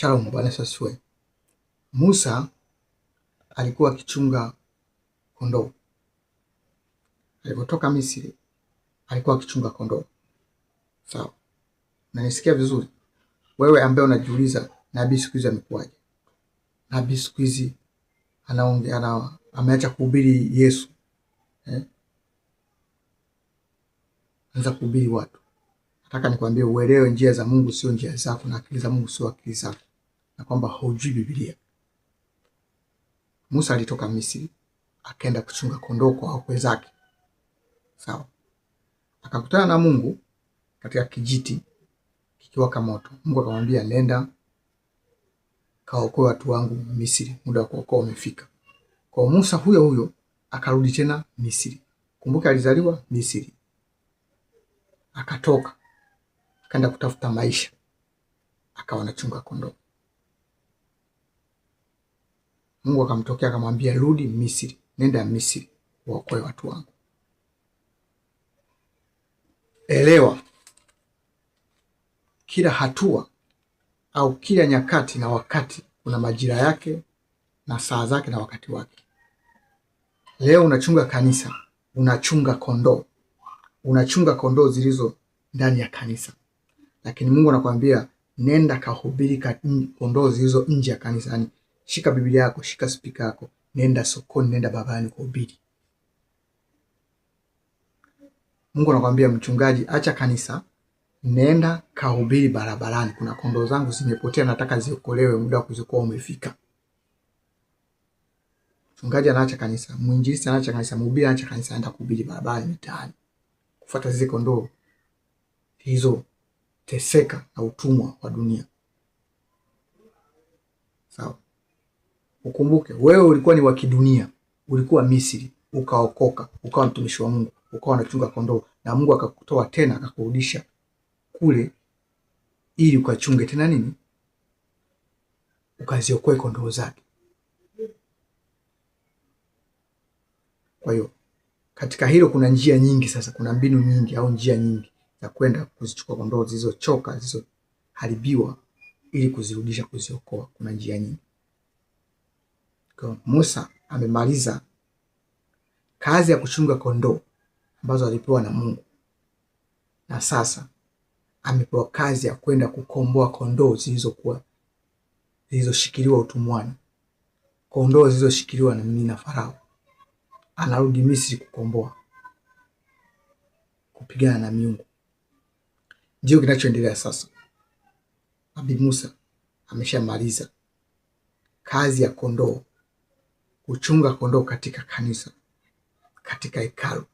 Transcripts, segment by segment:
Shalom, Bwana asifiwe. Musa alikuwa akichunga kondoo. Alipotoka Misri alikuwa akichunga kondoo. Sawa, nisikia vizuri? Wewe ambaye unajiuliza nabii siku hizi amekuwaje? Nabii siku hizi anaongea ana ameacha kuhubiri Yesu eh? Anza kuhubiri watu. Nataka nikwambie uelewe njia za Mungu sio njia zako, na akili za Mungu sio akili zako na kwamba haujui Biblia. Musa alitoka Misri akaenda kuchunga kondoo kwa wakwe zake, sawa. Akakutana na Mungu katika kijiti kikiwaka moto. Mungu akamwambia, nenda kaokoe watu wangu Misri, muda wa kuokoa umefika. Kwa Musa huyo huyo akarudi tena Misri. Kumbuka alizaliwa Misri, akatoka akaenda kutafuta maisha, akawa anachunga kondoo. Mungu akamtokea akamwambia, rudi Misri, nenda Misri waokoe watu wangu. Elewa kila hatua au kila nyakati na wakati kuna majira yake na saa zake na wakati wake. Leo unachunga kanisa, unachunga kondoo, unachunga kondoo zilizo ndani ya kanisa, lakini Mungu anakuambia nenda kahubiri kondoo zilizo nje ya kanisa, yani shika Biblia yako, shika spika yako, nenda sokoni, nenda babani kuhubiri. Mungu anakuambia mchungaji, acha kanisa, nenda kahubiri barabarani, kuna kondoo zangu zimepotea, nataka ziokolewe, muda wa kuzikoa umefika. Mchungaji anaacha kanisa, mwinjilisti anaacha kanisa, mhubiri anaacha kanisa, anaenda kuhubiri barabarani, mitaani, kufuata zile kondoo teseka na utumwa wa dunia. Sawa. Ukumbuke wewe ulikuwa ni wa kidunia, ulikuwa Misri, ukaokoka, ukawa mtumishi wa Mungu, ukawa unachunga kondoo, na Mungu akakutoa tena akakurudisha kule ili ukachunge tena nini, ukaziokoe kondoo zake. Kwa hiyo katika hilo kuna njia nyingi. Sasa kuna mbinu nyingi au njia nyingi za kwenda kuzichukua kondoo zilizochoka, zilizoharibiwa, ili kuzirudisha, kuziokoa. Kuna njia nyingi. Kwa Musa amemaliza kazi ya kuchunga kondoo ambazo alipewa na Mungu, na sasa amepewa kazi ya kwenda kukomboa kondoo zilizokuwa zilizoshikiliwa utumwani, kondoo zilizoshikiliwa na mimi na Farao. Anarudi Misri kukomboa, kupigana na miungu. Ndio kinachoendelea sasa. Nabii Musa ameshamaliza kazi ya kondoo uchunga kondoo katika kanisa, katika hekalu,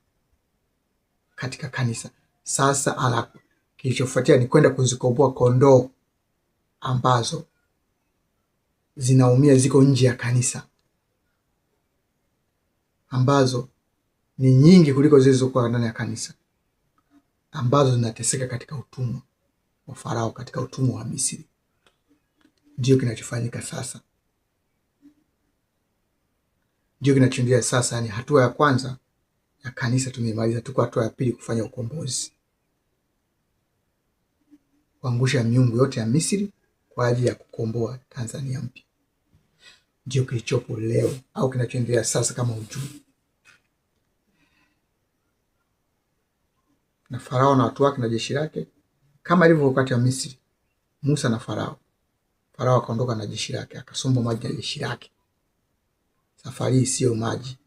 katika kanisa. Sasa alafu kilichofuatia ni kwenda kuzikomboa kondoo ambazo zinaumia ziko nje ya kanisa, ambazo ni nyingi kuliko zilizokuwa ndani ya kanisa, ambazo zinateseka katika utumwa wa Farao, katika utumwa wa Misri. Ndiyo kinachofanyika sasa. Ndio kinachoendelea sasa, ni hatua ya kwanza ya kanisa tumeimaliza, tuko hatua ya pili kufanya ukombozi, kuangusha miungu yote ya Misri kwa ajili ya kukomboa Tanzania mpya. Ndio kilichopo leo au kinachoendelea sasa kama ujumbe. Na Farao na watu wake na jeshi lake, kama ilivyo wakati wa Misri, Musa na Farao. Farao akaondoka na jeshi lake, akasomba maji ya jeshi lake Safari hii siyo maji,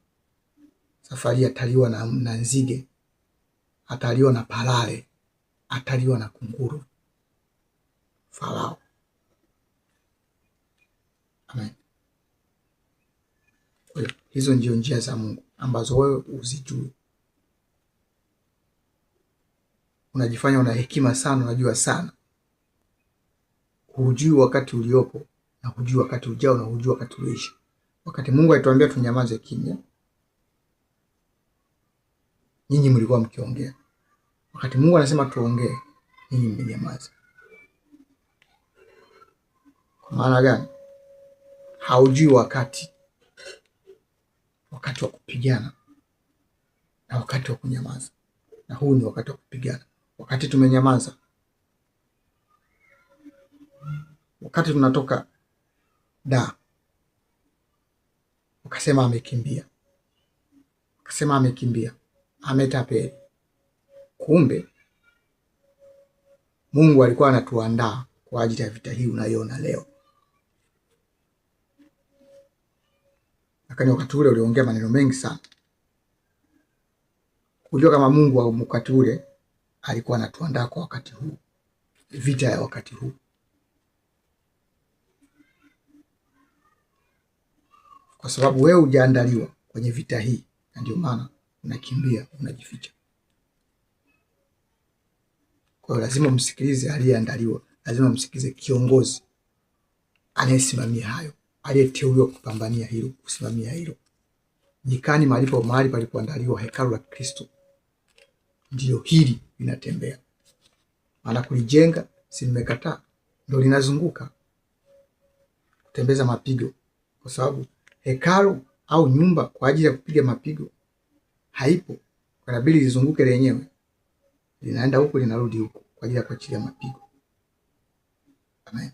safari ataliwa na, na nzige, ataliwa na palale, ataliwa na kunguru Farao. Amen. Kwa hizo ndio njia za Mungu ambazo wewe uzijue. Unajifanya una hekima sana, unajua sana, hujui wakati uliopo na hujui wakati ujao na hujui wakati ulioishi wakati Mungu alituambia tunyamaze kimya, nyinyi mlikuwa mkiongea. Wakati Mungu anasema tuongee, nyinyi mmenyamaza. Kwa maana gani? Haujui wakati, wakati wa kupigana na wakati wa kunyamaza, na huu ni wakati wa kupigana. Wakati tumenyamaza, wakati tunatoka da Ukasema amekimbia, ukasema amekimbia, ametapeli. Kumbe Mungu alikuwa anatuandaa kwa ajili ya vita hii unaiona leo. Lakini wakati ule uliongea maneno mengi sana, kujua kama Mungu wa wakati ule alikuwa anatuandaa kwa wakati huu, vita ya wakati huu. kwa sababu wewe hujaandaliwa kwenye vita hii, na ndio maana unakimbia, unajificha. Kwa hiyo lazima msikilize aliyeandaliwa, lazima msikilize kiongozi anayesimamia hayo, aliyeteuliwa kupambania hilo, kusimamia hilo. Nyikani malipo mahali palipoandaliwa, hekalu la Kristo, ndio hili linatembea, maana kulijenga si nimekataa, ndio linazunguka kutembeza mapigo kwa sababu hekalu au nyumba kwa ajili ya kupiga mapigo haipo, inabidi lizunguke lenyewe, linaenda huku linarudi huku kwa ajili ya kuachilia mapigo. Amen.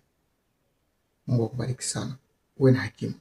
Mungu akubariki sana, uwe na hekima